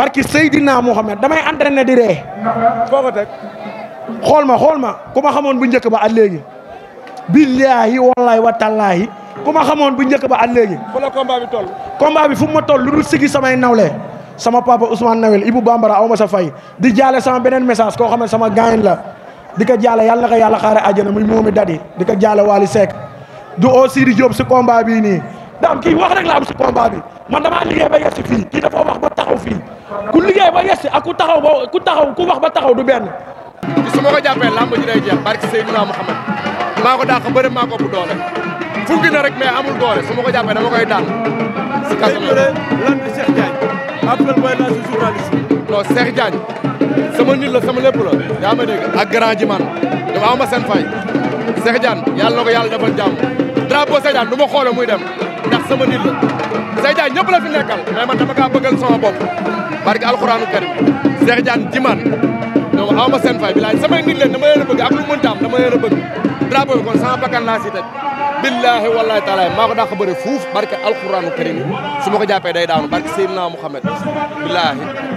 barki sayidina muhammad damay entraîner di ree koko tek xol ma xol ma Kuma xamone bu ñëk ba at léegi billahi wallahi wa tallahi Kuma xamone bu ñëk ba at léegi fu la combat bi toll combat bi fu ma toll lu dul sigi samay nawle sama papa Ousmane Nawel Ibou Bambara awma sa fay di jale sama benen message ko xamne sama gaayen la di jale yalla yàlla na ko yàlla xaare àjjana muy momi dadi di jale wali sek du o di job si combat bi ni dam ki wax rek la am si combat bi man damaa liggéey ba yegsi fii kii dafa wax ba taxaw fii ku liggéey ba yegsi ak ku taxaw ku taxaw ku wax ba taxaw du benn. su ma ko jàppee làmb ji day jeex barki Seydina Mouhamed maa ko dàq bëri maa ko bu doole fukki na rek mais amul doole su ma ko jàppee dama koy daan. si kàddu gi lan la Cheikh Diagne appel mooy lan si journaliste non sama nit la sama lépp la yaa ma dégg a grand ji dama am ma seen fay Cheikh Diagne yàlla na ko yàlla defal jàmm drapeau Cheikh Diagne du ma xoole muy dem ndax sama Cheikh ñëpp la fi nekkal mais man dama kaa bëggal sama bopp barke alxuraanu karim Cheikh Diagne jimaan donc aw ma seen fay bi laaj samay nit leen a bëgg ak lu mënta am dama bëgg drapeau bi kon sama bakkan laa si teg billahi wallahi taala maa ko fuuf barke alxuraanu karim su ma ko jàppee day daanu barke Seydina Muhammad billahi